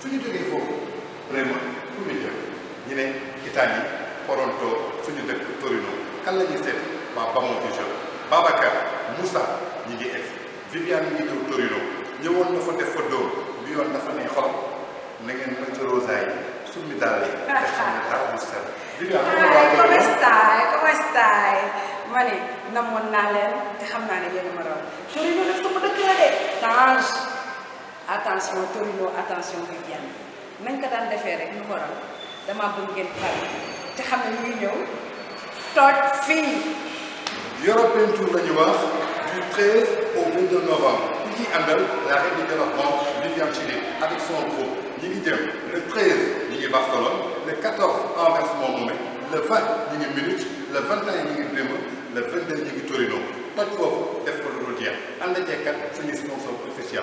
su ñu jógee foofu vraiment fu ñu jëm ñu ne Italie Toronto suñu dëkk Torino kan la ñuy seet waa Bamon Vision Babacar Moussa ñi ngi egg Viviane ñi ngi ñëw Torino ñëwoon na fa def fa bi yoon na ne xol na ma ci rosaay summi daal yi te xam ne dara bu set Viviane ah, come stai come stai ma ne namoon naa leen te xam naa ne yéen a ma raw Torino nag sama dëkk la attention Torino attention Viviane nañ ko daan defee rek lu waral damaa bëgg ngeen pare te xam ne ñu ngi ñëw toog fii. European Tour du 13 au 22 novembre ñu ciy àndal la reine du développement Viviane Chidid avec son groupe ñi le 13 ñi Barcelone le 14 Anvers Montmomé le 20 ñi Munich le 21 ñi Brême le 22 ñi Torino toj foofu def ko lu dul On ànd ceeg kat suñu sponsor officiel.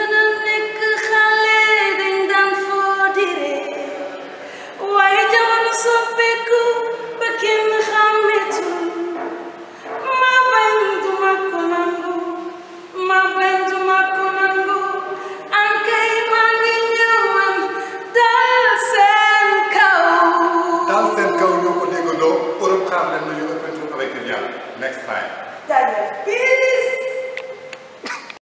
problem will you open to next time? Daniel.